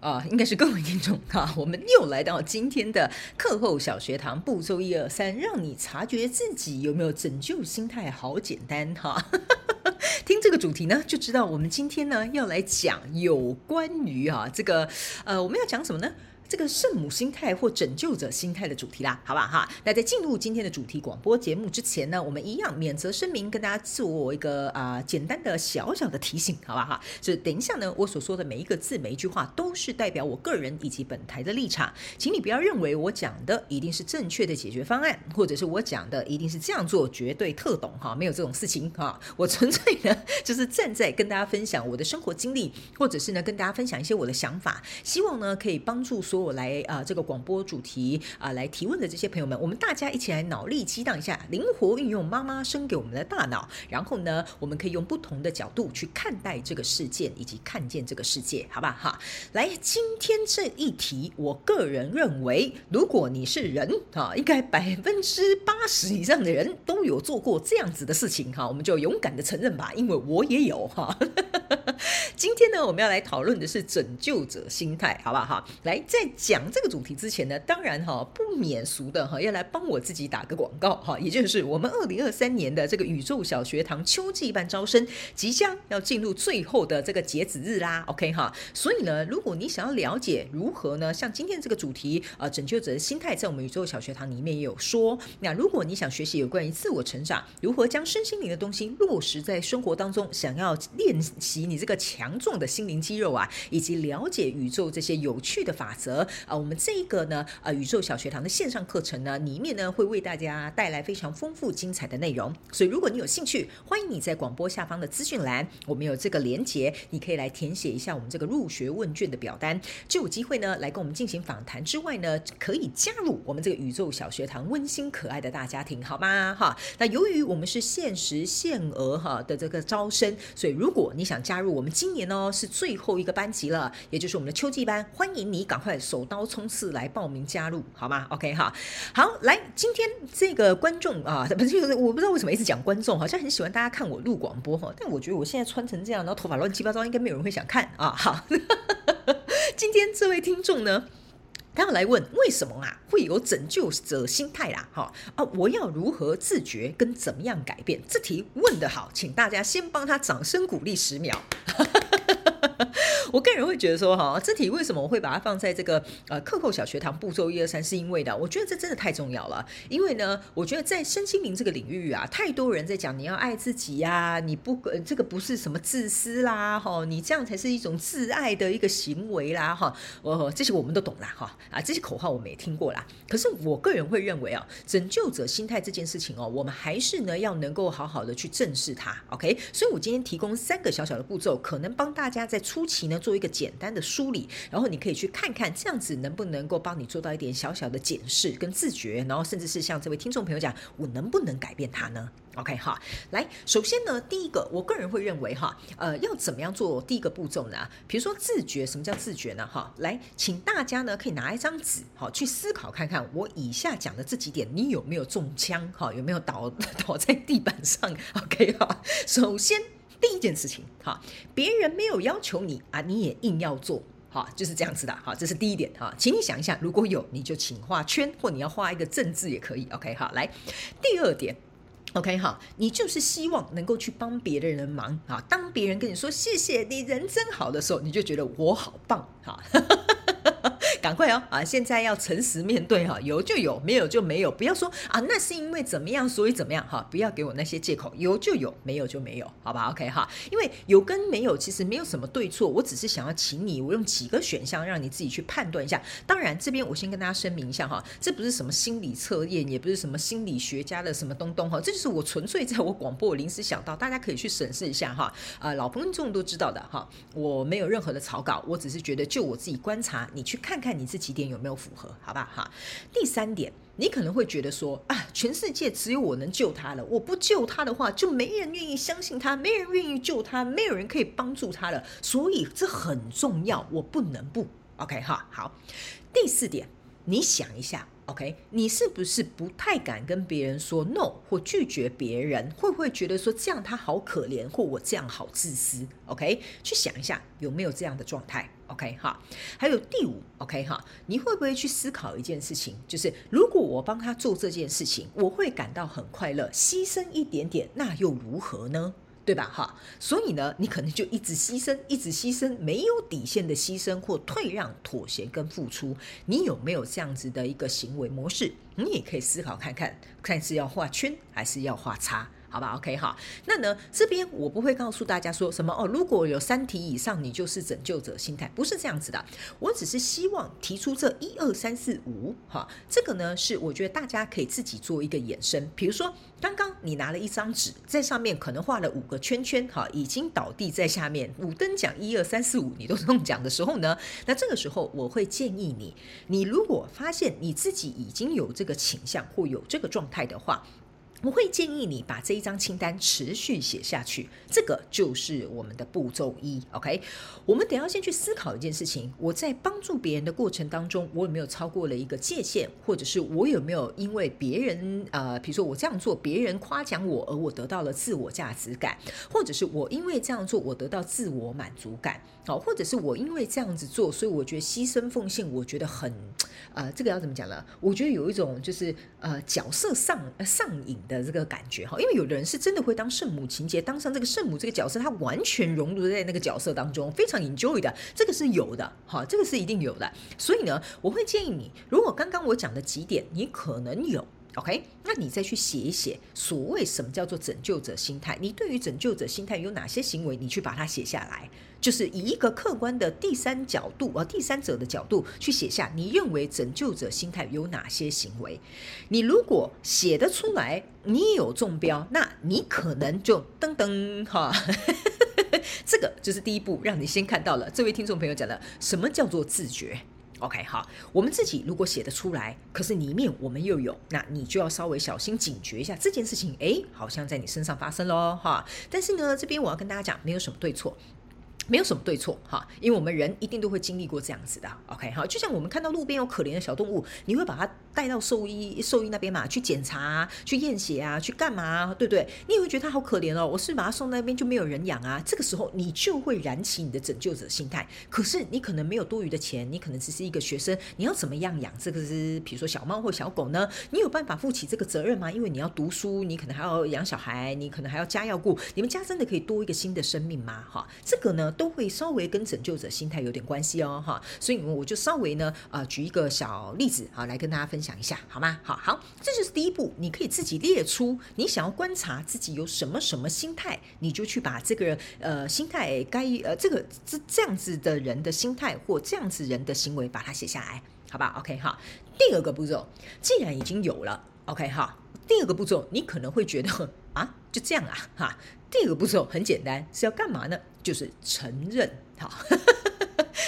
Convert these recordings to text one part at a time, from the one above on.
啊、呃，應該是各位聽眾哈，我們又來到今天的課後小學堂步驟一二三，讓你察覺自己有沒有拯救心態，好簡單哈。啊、 聽這個主題呢，就知道我們今天呢要來講有關於啊這個呃我們要講什麼呢？這個聖母心態或拯救者心態的主題啦，好不好哈？那在進入今天的主題廣播節目之前呢，我們一樣免責聲明，跟大家做我一個啊、呃、簡單的小小的提醒，好不好哈？就是等一下呢，我所說的每一個字、每一句話都是代表我個人以及本台的立場，請你不要認為我講的一定是正確的解決方案，或者是我講的一定是這樣做絕對特懂哈，沒有這種事情哈。我純粹呢就是站在跟大家分享我的生活經歷，或者是呢跟大家分享一些我的想法，希望呢可以幫助所。我來啊、呃，這個廣播主題啊、呃，來提問的這些朋友們，我們大家一起來腦力激盪一下，靈活運用媽媽生給我們的大腦，然後呢，我們可以用不同的角度去看待這個世界，以及看見這個世界，好不好？哈，來，今天這一題，我個人認為，如果你是人啊，應該百分之八十以上的人都有做過這樣子的事情，哈，我們就勇敢的承認吧，因為我也有哈，哈，哈。今天呢，我們要來討論的是拯救者心態，好不好？哈，來，在講這個主題之前呢，當然哈不免俗的哈要來幫我自己打個廣告哈，也就是我們二零二三年的這個宇宙小學堂秋季班招生即將要進入最後的這個截止日啦，OK 哈，所以呢，如果你想要了解如何呢，像今天這個主題啊，呃，拯救者的心態，在我們宇宙小學堂裡面也有說。那如果你想學習有關於自我成長，如何將身心靈的東西落實在生活當中，想要練習你這個強壯的心靈肌肉啊，以及了解宇宙這些有趣的法則。呃、啊，我們這一個呢，呃、啊，宇宙小學堂的線上課程呢，裡面呢會為大家帶來非常豐富精彩的內容。所以，如果你有興趣，歡迎你在廣播下方的資訊欄，我們有這個鏈接，你可以來填寫一下我們這個入學問卷的表單，就有機會呢來跟我們進行訪談之外呢，可以加入我們這個宇宙小學堂溫馨可愛的大家庭，好嗎？哈，那由於我們是限時限額哈的這個招生，所以如果你想加入我們，今年呢是最後一個班級了，也就是我們的秋季班，歡迎你趕快。手刀衝刺來報名加入好嗎？OK 哈，好，來，今天這個觀眾啊，不是，我不知道為什麼一直講觀眾，好像很喜歡大家看我錄廣播哈，但我覺得我現在穿成這樣，然後頭髮亂七八糟，應該沒有人會想看啊。好， 今天這位聽眾呢，他要來問為什麼啊會有拯救者心態啦、啊？哈啊，我要如何自覺跟怎麼樣改變？這題問得好，請大家先幫他掌聲鼓勵十秒。 我個人會覺得說哈，這題為什麼我會把它放在這個呃課後小學堂步驟一二三？是因為的，我覺得這真的太重要了。因為呢，我覺得在身心靈這個領域啊，太多人在講你要愛自己呀，啊，你不呃這個不是什麼自私啦，哦、你這樣才是一種自愛的一個行為啦哈、哦哦。這些我們都懂啦，哈啊，這些口號我們也聽過啦，可是我個人會認為啊，拯救者心態這件事情哦，我們還是呢要能夠好好的去正視它。OK，所以我今天提供三個小小的步驟，可能幫大家在初期呢。做一個簡單的梳理，然後你可以去看看，這樣子能不能夠幫你做到一點小小的檢視跟自覺，然後甚至是像這位聽眾朋友講，我能不能改變他呢？OK 哈，來，首先呢，第一個，我個人會認為哈，呃，要怎麼樣做第一個步驟呢？比如說自覺，什麼叫自覺呢？哈，來，請大家呢可以拿一張紙，哈，去思考看看，我以下講的這幾點，你有沒有中槍？哈，有沒有倒倒在地板上？OK 哈，首先。第一件事情，哈，別人沒有要求你啊，你也硬要做，哈，就是這樣子的，哈，這是第一點，哈，請你想一下，如果有，你就請畫圈，或你要畫一個正字也可以，OK，哈，來，第二點，OK，哈，你就是希望能夠去幫別的人忙，哈，當別人跟你說謝謝你人真好的時候，你就覺得我好棒，哈，哈哈哈。趕快哦啊！現在要誠實面對哈，有就有，沒有就沒有，不要說啊，那是因為怎麼樣，所以怎麼樣哈，不要給我那些借口，有就有，沒有就沒有，好吧？OK 哈，因為有跟沒有其實沒有什麼對錯，我只是想要請你，我用幾個選項讓你自己去判斷一下。當然，這邊我先跟大家聲明一下哈，這不是什麼心理測驗，也不是什麼心理學家的什麼東東哈，這就是我純粹在我廣播我臨時想到，大家可以去審視一下哈。啊，老朋友聽眾都知道的哈，我沒有任何的草稿，我只是覺得就我自己觀察，你去看看。你這幾點有沒有符合？好吧哈。第三點，你可能會覺得說啊，全世界只有我能救他了，我不救他的話，就沒人願意相信他，沒人願意救他，沒有人可以幫助他了，所以這很重要，我不能不。OK 哈。好，第四點，你想一下。OK，你是不是不太敢跟別人說 no 或拒絕別人？會不會覺得說這樣他好可憐，或我這樣好自私？OK，去想一下有沒有這樣的狀態？OK 哈，還有第五，OK 哈，你會不會去思考一件事情，就是如果我幫他做這件事情，我會感到很快樂，犧牲一點點，那又如何呢？對吧？哈，所以呢，你可能就一直犧牲，一直犧牲，沒有底線的犧牲或退讓、妥協跟付出。你有沒有這樣子的一個行為模式？你也可以思考看看，看是要畫圈還是要畫叉。好吧，OK，好，那呢，這邊我不會告訴大家說什麼哦。如果有三題以上，你就是拯救者心態，不是這樣子的。我只是希望提出這一二三四五，哈，這個呢是我覺得大家可以自己做一個延伸。比如說，剛剛你拿了一張紙，在上面可能畫了五個圈圈，哈、哦，已經倒地在下面。五燈獎一二三四五，你都中獎的時候呢，那這個時候我會建議你，你如果發現你自己已經有這個傾向或有這個狀態的話。我會建議你把這一張清單持續寫下去，這個就是我們的步驟一。OK，我們得要先去思考一件事情：我在幫助別人的過程當中，我有沒有超過了一個界限，或者是我有沒有因為別人呃，比如說我這樣做，別人誇獎我，而我得到了自我價值感，或者是我因為這樣做，我得到自我滿足感，好，或者是我因為這樣子做，所以我覺得犧牲奉獻，我覺得很呃，這個要怎麼講呢？我覺得有一種就是呃，角色上上癮。的這個感覺哈，因為有的人是真的會當聖母情結，當上這個聖母這個角色，他完全融入在那個角色當中，非常 enjoy 的，這個是有的，哈，這個是一定有的。所以呢，我會建議你，如果剛剛我講的幾點，你可能有。OK，那你再去寫一寫，所謂什麼叫做拯救者心態？你對於拯救者心態有哪些行為？你去把它寫下來，就是以一個客觀的第三角度，呃，第三者的角度去寫下你認為拯救者心態有哪些行為。你如果寫得出來，你有中標，那你可能就噔噔哈，這個就是第一步，讓你先看到了。這位聽眾朋友講了，什麼叫做自覺？OK，好，我們自己如果寫得出來，可是裡面我們又有，那你就要稍微小心警覺一下這件事情，誒，好像在你身上發生嘍，哈。但是呢，這邊我要跟大家講，沒有什麼對錯。沒有什麼對錯哈，因為我們人一定都會經歷過這樣子的，OK 好，就像我們看到路邊有可憐的小動物，你會把它帶到獸醫獸醫那邊嘛，去檢查、去驗血啊，去幹嘛，對不對？你也會覺得它好可憐哦，我是把它送到那邊就沒有人養啊。這個時候你就會燃起你的拯救者心態，可是你可能沒有多餘的錢，你可能只是一個學生，你要怎麼樣養這個是，比如說小貓或小狗呢？你有辦法負起這個責任嗎？因為你要讀書，你可能還要養小孩，你可能還要家要顧，你們家真的可以多一個新的生命嗎？哈，這個呢？都會稍微跟拯救者心態有點關係哦，哈，所以我就稍微呢，呃，舉一個小例子啊，來跟大家分享一下，好嗎？好好，這就是第一步，你可以自己列出你想要觀察自己有什麼什麼心態，你就去把這個呃心態該呃這個這這樣子的人的心態或這樣子人的行為把它寫下來，好吧？OK，哈。第二個步驟，既然已經有了，OK，哈。第二個步驟，你可能會覺得。就這樣啊，哈，第二個步驟很簡單，是要幹嘛呢？就是承認，哈，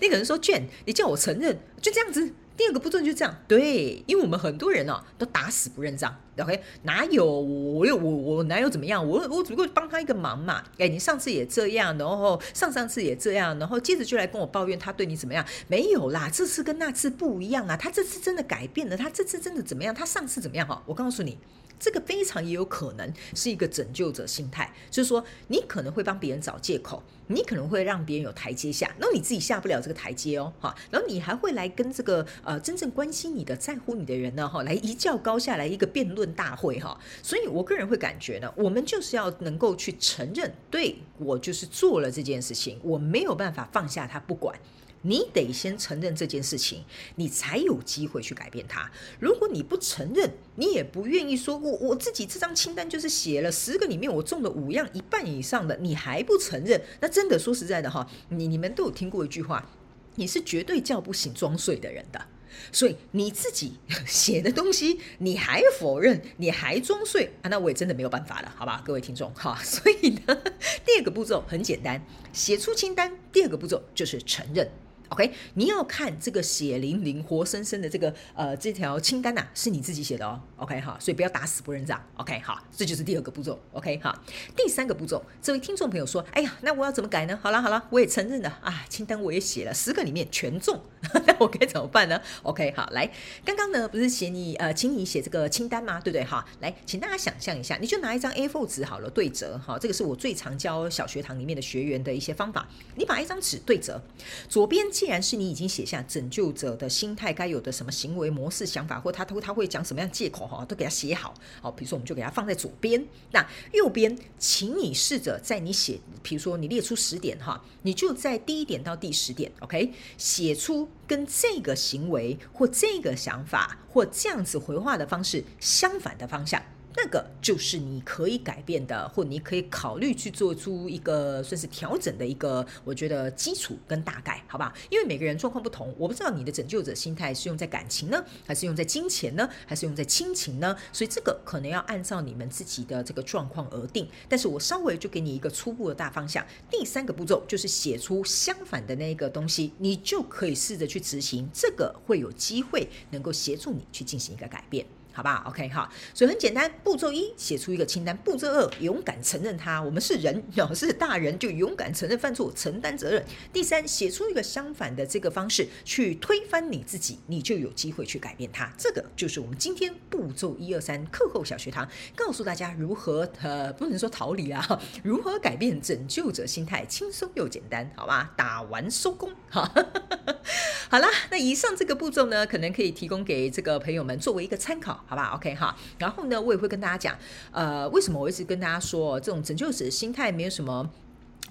你可能說 Jhen，你叫我承認，就這樣子。第二個步驟就這樣，對，因為我們很多人哦，都打死不認賬，OK？哪有我我我哪有怎麼樣？我我只不過幫他一個忙嘛，哎、欸，你上次也這樣，然後上上次也這樣，然後接着就來跟我抱怨他對你怎麼樣？沒有啦，這次跟那次不一樣啊，他這次真的改變了，他這次真的怎麼樣？他上次怎麼樣？哈，我告訴你。這個非常也有可能是一個拯救者心態，就是說你可能會幫別人找借口，你可能會讓別人有台階下，然後你自己下不了這個台階哦，哈，然後你還會來跟這個呃真正關心你的、在乎你的人呢，哈，來一較高下，來一個辯論大會哦，哈，所以我個人會感覺呢，我們就是要能夠去承認，對我就是做了這件事情，我沒有辦法放下他不管。你得先承認這件事情，你才有機會去改變它。如果你不承認，你也不願意說過，我我自己這張清單就是寫了十個裡面，我中的五樣，一半以上的，你還不承認，那真的說實在的哈，你你們都有聽過一句話，你是絕對叫不醒裝睡的人的。所以你自己寫的東西，你還否認，你還裝睡，啊，那我也真的沒有辦法了，好吧，各位聽眾哈。所以呢，第二個步驟很簡單，寫出清單。第二個步驟就是承認。OK，你要看這個血淋淋、活生生的這個呃這條清單吶、啊，是你自己寫的哦。OK 哈，所以不要打死不認賬。OK 好，這就是第二個步驟。OK 哈，第三個步驟，這位聽眾朋友說：“哎呀，那我要怎麼改呢？”好了好了，我也承認了啊，清單我也寫了十個裡面全中， 那我該怎麼辦呢？OK 好，來，剛剛呢不是寫你呃，請你寫這個清單嗎？對不對哈？來，請大家想象一下，你就拿一張 A4 紙好了，對折哈、哦，這個是我最常教小學堂裡面的學員的一些方法。你把一張紙對折，左邊既然是你已經寫下拯救者的心態該有的什麼行為模式、想法，或他他他會講什麼樣借口。好，都給它寫好。好，比如說我們就給它放在左邊。那右邊，請你試着在你寫，比如說你列出十點哈，你就在第一點到第十點，OK，寫出跟這個行為或這個想法或這樣子回話的方式相反的方向。那個就是你可以改變的，或你可以考慮去做出一個算是調整的一個，我覺得基礎跟大概，好吧？因為每個人狀況不同，我不知道你的拯救者心態是用在感情呢，還是用在金錢呢，還是用在親情呢？所以這個可能要按照你們自己的這個狀況而定。但是我稍微就給你一個初步的大方向。第三個步驟就是寫出相反的那個東西，你就可以試着去執行，這個會有機會能夠協助你去進行一個改變。好吧，OK，哈，所以很簡單。步驟一，寫出一個清單；步驟二，勇敢承認他，我們是人，是大人就勇敢承認犯錯，承擔責任。第三，寫出一個相反的這個方式去推翻你自己，你就有機會去改變他。這個就是我們今天步驟一二三課後小學堂，告訴大家如何呃，不能說逃離啊，如何改變拯救者心態，輕鬆又簡單，好吧，打完收工，哈哈。 好啦，那以上這個步驟呢，可能可以提供給這個朋友們作為一個參考，好吧，OK 哈。然後呢，我也會跟大家講，呃，為什麼我一直跟大家說，這種拯救者心態沒有什麼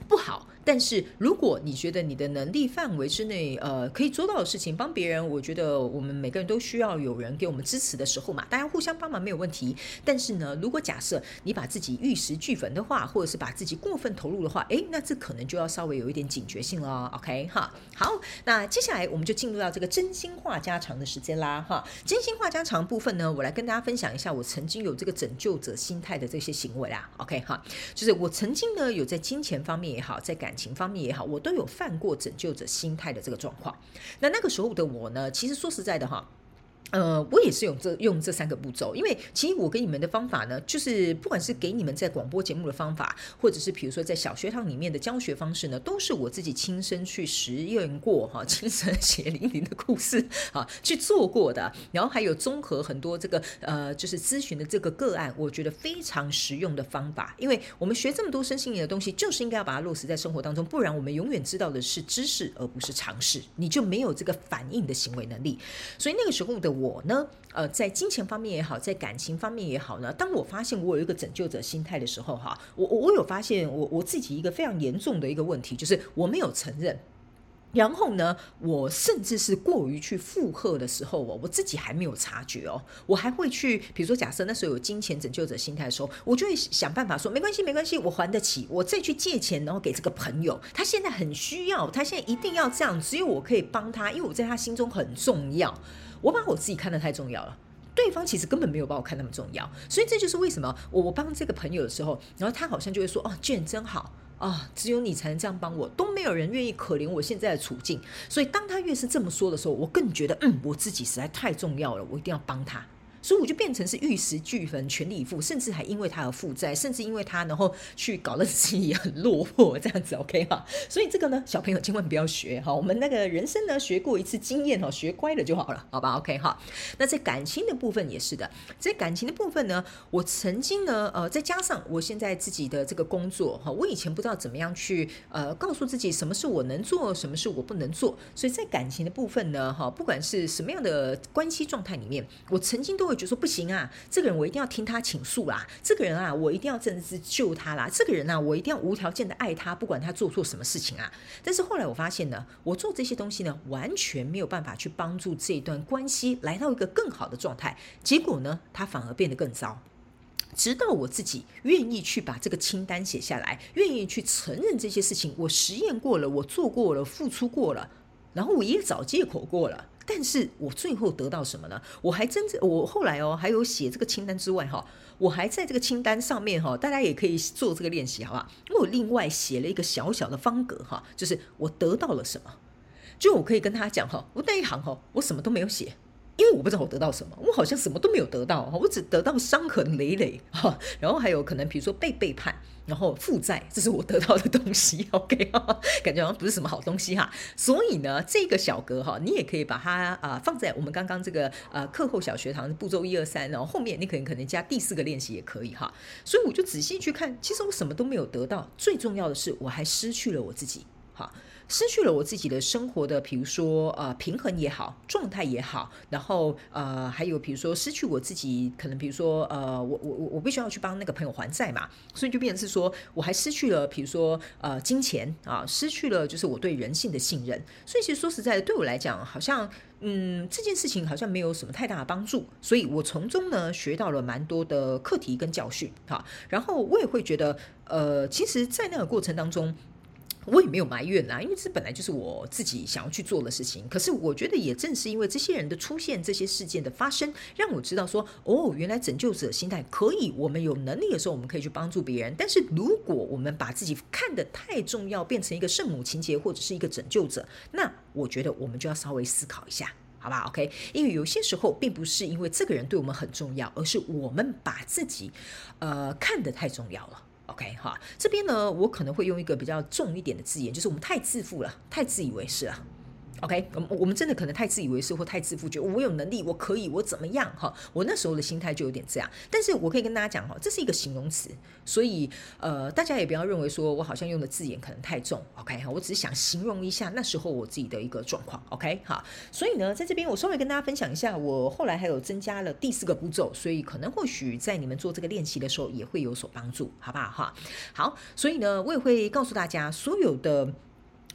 不好。但是如果你覺得你的能力範圍之內，呃，可以做到的事情幫別人，我覺得我們每個人都需要有人給我們支持的時候嘛，大家互相幫忙沒有問題。但是呢，如果假設你把自己玉石俱焚的話，或者是把自己過分投入的話，誒，那這可能就要稍微有一點警覺性了。OK 哈，好，那接下來我們就進入到這個真心話家常的時間啦哈。真心話家常部分呢，我來跟大家分享一下我曾經有這個拯救者心態的這些行為啊，OK 哈，就是我曾經呢有在金錢方面也好，在感感情方面也好，我都有犯過拯救者心態的這個狀況。那那個時候的我呢，其實說實在的哈。呃，我也是用這用這三個步驟，因為其實我給你們的方法呢，就是不管是給你們在廣播節目的方法，或者是比如說在小學堂裡面的教學方式呢，都是我自己親身去實驗過哈，親身血淋淋的故事啊去做過的。然後還有綜合很多這個呃，就是諮詢的這個個案，我覺得非常實用的方法。因為我們學這麼多身心靈的東西，就是應該要把它落實在生活當中，不然我們永遠知道的是知識而不是常識，你就沒有這個反應的行為能力。所以那個時候的。我呢，呃，在金錢方面也好，在感情方面也好呢。當我發現我有一個拯救者心態的時候，哈，我我有發現我我自己一個非常嚴重的一個問題，就是我沒有承認。然後呢，我甚至是過於去附和的時候，我我自己還沒有察覺哦，我還會去，比如說假設那時候有金錢拯救者心態的時候，我就會想辦法說，沒關係，沒關係，我還得起，我再去借錢，然後給這個朋友，他現在很需要，他現在一定要這樣，只有我可以幫他，因為我在他心中很重要。我把我自己看得太重要了，對方其實根本沒有把我看那麼重要，所以這就是為什麼我我幫這個朋友的時候，然後他好像就會說：“哦，Jhen 真好啊、哦，只有你才能這樣幫我，都沒有人願意可憐我現在的處境。”所以當他越是這麼說的時候，我更覺得嗯，我自己實在太重要了，我一定要幫他。所以我就變成是玉石俱焚，全力以赴，甚至還因為他而負債，甚至因為他然後去搞得自己也很落魄，這樣子，OK 哈。所以這個呢，小朋友千萬不要學哈。我們那個人生呢，學過一次經驗哈，學乖了就好了，好吧，OK 哈。那在感情的部分也是的，在感情的部分呢，我曾經呢，呃，再加上我現在自己的這個工作哈，我以前不知道怎麼樣去呃告訴自己什麼是我能做，什麼是我不能做，所以在感情的部分呢，哈，不管是什麼樣的關係狀態裡面，我曾經都。我就說不行啊，這個人我一定要聽他傾訴啦、啊，這個人啊我一定要拯救他啦，這個人啊，我一定要無條件的愛他，不管他做錯什麼事情啊。但是後來我發現呢，我做這些東西呢，完全沒有辦法去幫助這一段關係來到一個更好的狀態，結果呢，他反而變得更糟。直到我自己願意去把這個清單寫下來，願意去承認這些事情，我實驗過了，我做過了，付出過了，然後我也找借口過了。但是我最後得到什麼呢？我還真我後來哦，還有寫這個清單之外，我還在這個清單上面，大家也可以做這個練習好不好？那我另外寫了一個小小的方格，就是我得到了什麼，就我可以跟他講，我那一行，我什麼都沒有寫。因為我不知道我得到什麼，我好像什麼都沒有得到，我只得到傷痕累累，然後還有可能比如說被背叛，然後負債，這是我得到的東西，OK，感覺好像不是什麼好東西哈，所以呢，這個小格哈，你也可以把它放在我們剛剛這個課後小學堂的步驟一二三，然後後面你可能可能加第四個練習也可以哈，所以我就仔細去看，其實我什麼都沒有得到，最重要的是我還失去了我自己哈。失去了我自己的生活的，比如說呃平衡也好，狀態也好，然後呃還有比如說失去我自己，可能比如說呃我我我我必須要去幫那個朋友還債嘛，所以就變成是說我還失去了，比如說呃金錢啊，失去了就是我對人性的信任，所以其實說實在的，對我來講，好像嗯這件事情好像沒有什麼太大的幫助，所以我從中呢學到了蠻多的課題跟教訓哈，啊，然後我也會覺得呃其實，在那個過程當中。我也沒有埋怨啦，因為這本來就是我自己想要去做的事情。可是我覺得也正是因為這些人的出現，這些事件的發生，讓我知道說，哦，原來拯救者心態可以，我們有能力的時候，我們可以去幫助別人。但是如果我們把自己看得太重要，變成一個聖母情結或者是一個拯救者，那我覺得我們就要稍微思考一下，好吧？OK，因為有些時候並不是因為這個人對我們很重要，而是我們把自己呃看得太重要了。OK，哈，這邊呢，我可能會用一個比較重一點的字眼，就是我們太自負了，太自以為是了。OK，我們真的可能太自以為是或太自負，覺得我有能力，我可以，我怎麼樣？哈，我那時候的心態就有點這樣。但是我可以跟大家講哈，這是一個形容詞，所以呃，大家也不要認為說我好像用的字眼可能太重。OK 哈，我只是想形容一下那時候我自己的一個狀況。OK 哈，所以呢，在這邊我稍微跟大家分享一下，我後來還有增加了第四個步驟，所以可能或許在你們做這個練習的時候也會有所幫助，好不好？哈，好，所以呢，我也會告訴大家所有的。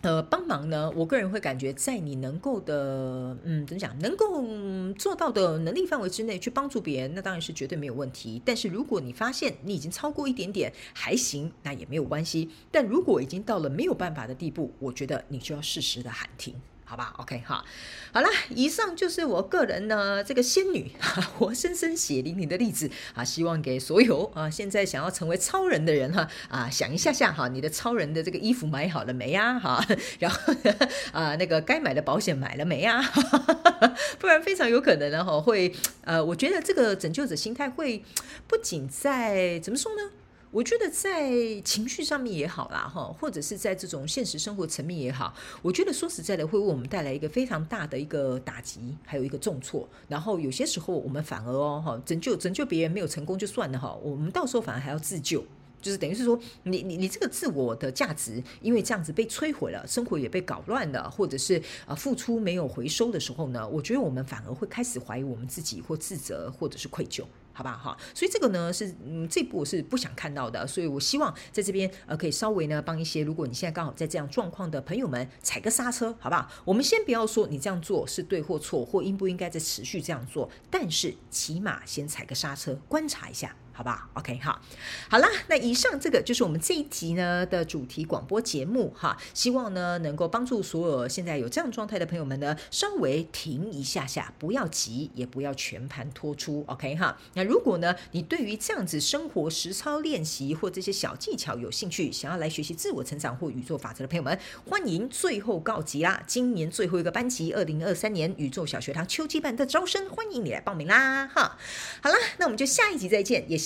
呃，幫忙呢，我個人會感覺，在你能夠的，嗯，怎麼講，能夠做到的能力範圍之內去幫助別人，那當然是絕對沒有問題。但是如果你發現你已經超過一點點，還行，那也沒有關係。但如果已經到了沒有辦法的地步，我覺得你就要適時的喊停。好吧，OK，哈，好啦，以上就是我個人呢這個仙女活生生血淋淋的例子啊，希望給所有啊現在想要成為超人的人哈啊，啊想一下下哈、啊，你的超人的這個衣服買好了沒呀、啊、哈、啊，然後啊那個該買的保險買了沒啊，啊，不然非常有可能呢，哈、啊、會呃，我覺得這個拯救者心態會不僅在怎麼說呢？我覺得在情緒上面也好啦，哈，或者是在這種現實生活層面也好，我覺得說實在的，會為我們帶來一個非常大的一個打擊，還有一個重挫。然後有些時候我們反而哦，哈，拯救拯救別人沒有成功就算了，哈，我們到時候反而還要自救，就是等於是說你，你你你這個自我的價值因為這樣子被摧毀了，生活也被搞亂了，或者是啊付出沒有回收的時候呢，我覺得我們反而會開始懷疑我們自己，或自責，或者是愧疚。好不好？所以這個呢是嗯，這步我是不想看到的，所以我希望在這邊呃可以稍微呢幫一些，如果你現在剛好在這樣狀況的朋友們踩個剎車，好不好？我們先不要說你這樣做是對或錯，或應不應該再持續這樣做，但是起碼先踩個剎車，觀察一下。好吧，OK，好，好啦，那以上這個就是我們這一集呢的主題廣播節目哈，希望呢能夠幫助所有現在有這樣狀態的朋友們呢稍微停一下下，不要急，也不要全盤托出，OK 哈。那如果呢你對於這樣子生活實操練習或這些小技巧有興趣，想要來學習自我成長或宇宙法則的朋友們，歡迎最後告急啦，今年最後一個班級，二零二三年宇宙小學堂秋季班的招生，歡迎你來報名啦哈。好啦，那我們就下一集再見，也是。